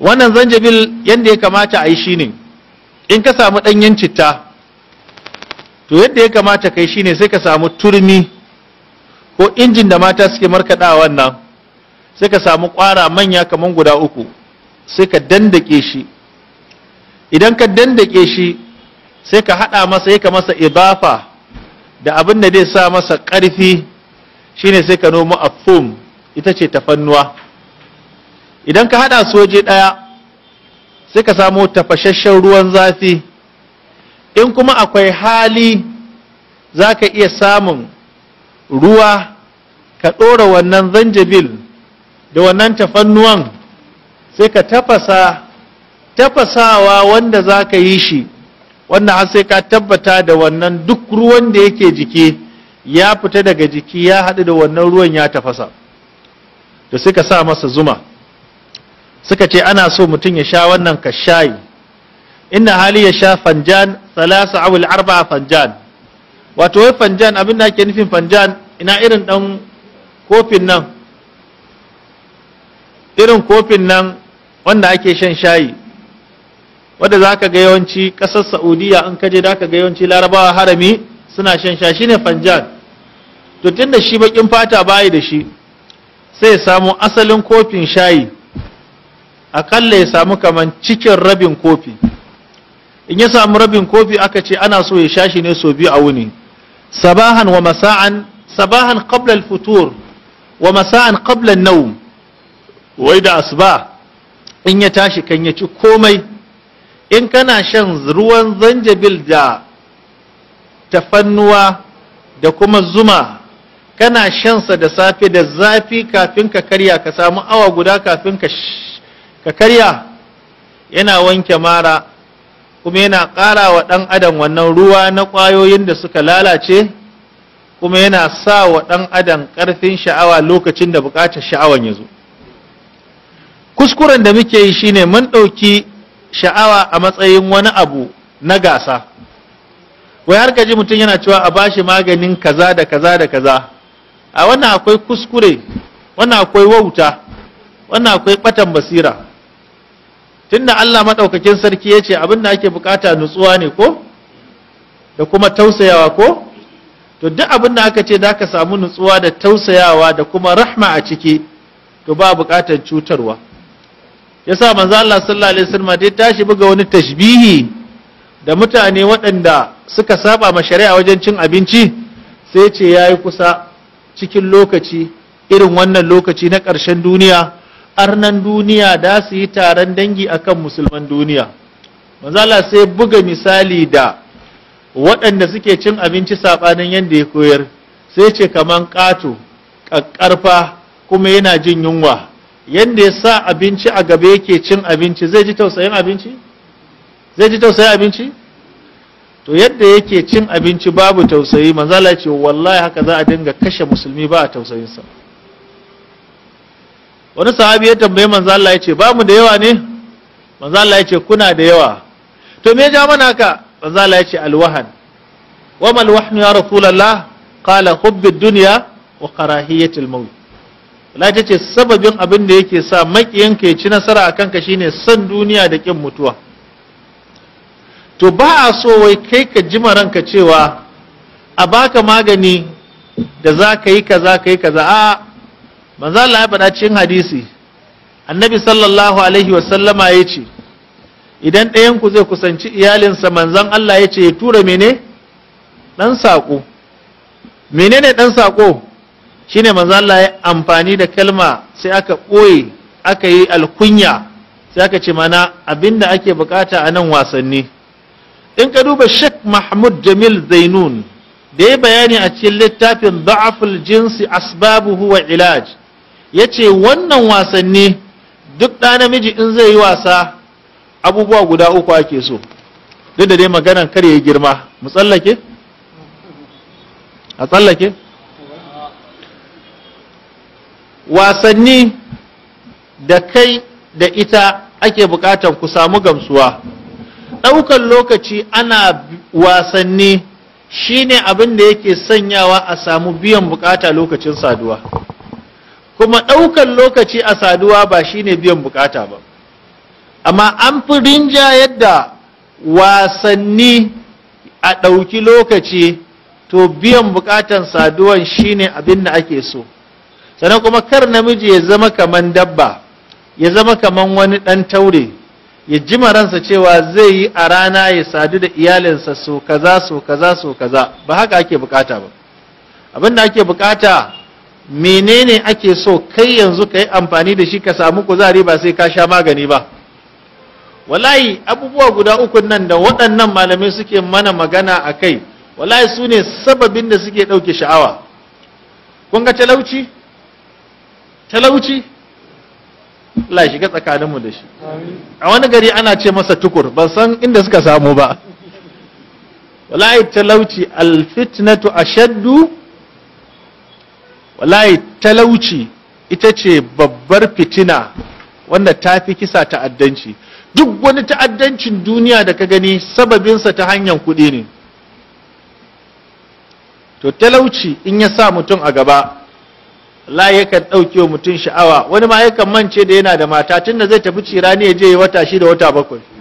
wannan zanjabil yadda ya kamata a yi shi ne, in ka samu ɗanyen citta to yadda ya kamata kai ne, sai ka samu turmi ko injin da mata suke markaɗa wannan sai ka samu ƙwara manya kamar guda uku sai ka dandake shi idan ka dandake shi sai ka haɗa masa ya ka masa ibafa da abin da zai sa masa ƙarfi shine sai ka a fom ita ce tafannuwa idan ka haɗa su waje ɗaya sai ka samo tafashashen ruwan zafi in kuma akwai hali za ka iya samun ruwa ka ɗora wannan zanjabil da wannan tafannuwan sai ka tafasa tafasawa wanda za ka yi shi wanda har sai ka tabbata da wannan duk ruwan da yake jiki ya fita daga jiki ya haɗu da wannan ruwan ya tafasa da sai ka sa masa zuma suka ce ana so mutum ya sha wannan ka shayi. inna hali ya sha fanjan salasa awul arba fanjan wato wai fanjan abin da ake nufin fanjan ina irin dan kofin nan irin kofin nan wanda ake shan shayi wanda za ka ga yawanci ƙasar Saudiyya in kaje da ka ga yawanci larabawa harami suna shan sha shine fanjan to tunda shi bakin fata bayi da shi sai ya samu asalin kofin shayi akalla ya samu kaman cikin rabin kofi in ya samu rabin kofi aka ce ana so ya shashi ne so biyu a wuni sabahan wa masa'an sabahan qabla al-futur wa masa'an qabla an-nawm wai da asuba in ya tashi kan ya ci komai in kana shan ruwan zanjabil da tafannuwa da kuma zuma kana shansa da safe da zafi kafin ka karya ka samu awa guda kafin ka ka karya yana wanke mara kuma yana ƙara wa ɗan adam wannan ruwa na ƙwayoyin da suka lalace kuma yana sa wa ɗan adam ƙarfin sha'awa lokacin da buƙatar sha'awan ya zo kuskuren da muke yi shine mun ɗauki sha'awa a matsayin wani abu na gasa wai har ji mutum yana cewa a bashi maganin kaza da kaza da kaza a wannan akwai kuskure wannan akwai wauta wannan akwai ɓatan basira tunda Allah madaukakin sarki ya ce abin da ake bukata nutsuwa ne ko da kuma tausayawa ko to duk abin da aka ce da ka samu nutsuwa da tausayawa da kuma rahma a ciki to ba bukatar cutarwa yasa manzo Allah sallallahu alaihi wasallam dai tashi buga wani tashbihi da mutane waɗanda suka saba ma shari'a wajen cin abinci sai ce yayi kusa cikin lokaci irin wannan lokaci na ƙarshen duniya arnan duniya da su yi taron dangi akan musulman duniya manzala sai buga misali da waɗanda suke cin abinci saɓanin yadda ya koyar sai ce kamar ƙato ƙaƙƙarfa kuma yana jin yunwa yadda ya sa abinci a gaba yake cin abinci zai ji tausayin abinci zai ji tausayin abinci to yadda yake cin abinci babu tausayi manzala ce wallahi haka za a dinga kashe musulmi ba a tausayinsa wani sahabi ya tambaye manzo Allah ya ce ba mu da yawa ne manzo Allah ya ce kuna da yawa to me ja mana ka manzo Allah ya ce alwahan wa mal wahnu ya rasulullah qala hubbi dunya wa karahiyatul maut Allah ta ce sababin abin da yake sa makiyanka ya ci nasara akan ka shine san duniya da kin mutuwa to ba a so wai kai ka jima ranka cewa a baka magani da za ka yi kaza ka yi kaza a manzo Allah ya faɗa cikin hadisi annabi sallallahu alaihi wasallama ya ce idan ɗayanku zai kusanci iyalinsa manzon Allah ya ce ya tura mene ɗan saƙo menene ɗan saƙo shine manzo Allah ya amfani da kalma sai aka ɓoye aka yi alkunya sai aka ce mana abin da ake bukata a nan wasanni in ka duba shek Mahmud Jamil Zainun da ya bayani a cikin littafin da'aful jinsi asbabuhu huwa ilaj ya ce wannan wasanni duk ɗa namiji in zai yi wasa abubuwa guda uku ake so duk da dai maganan kar ya yi girma mu a tsallake? wasanni da kai da ita ake buƙatar ku samu gamsuwa Ɗaukar lokaci ana wasanni shine abin da yake sanyawa a samu biyan bukata lokacin saduwa kuma ɗaukan lokaci a saduwa ba shine biyan bukata ba amma an fi rinja yadda wasanni a ɗauki lokaci to biyan bukatan saduwan shine abin da ake so sannan kuma kar namiji ya zama kaman dabba ya zama kaman wani ɗan taure ya jima ransa cewa zai yi a rana ya sadu da iyalinsa so kaza so kaza so kaza ba haka ake bukata ba abin da ake bukata menene ake so kai yanzu ka yi amfani da shi ka samu kuzari ba sai ka sha magani ba wallahi abubuwa guda uku nan da waɗannan malamai suke mana magana a kai wallahi su ne sababin da suke ɗauke sha'awa kun ga talauci talauci Allah shiga tsakaninmu da shi a wani gari ana ce masa tukur ban san inda suka samu ba wallahi talauci alfitnatu ashaddu wallahi talauci ita ce babbar fitina wanda ta fi kisa ta'addanci duk wani ta'addancin duniya da ka gani sababinsa ta hanyar kuɗi ne to talauci in ya sa mutum a gaba la yakan ɗauke wa mutum sha'awa wani ma yakan mance da yana da mata tun da zai tafi cira ne ya je wata shi da wata bakwai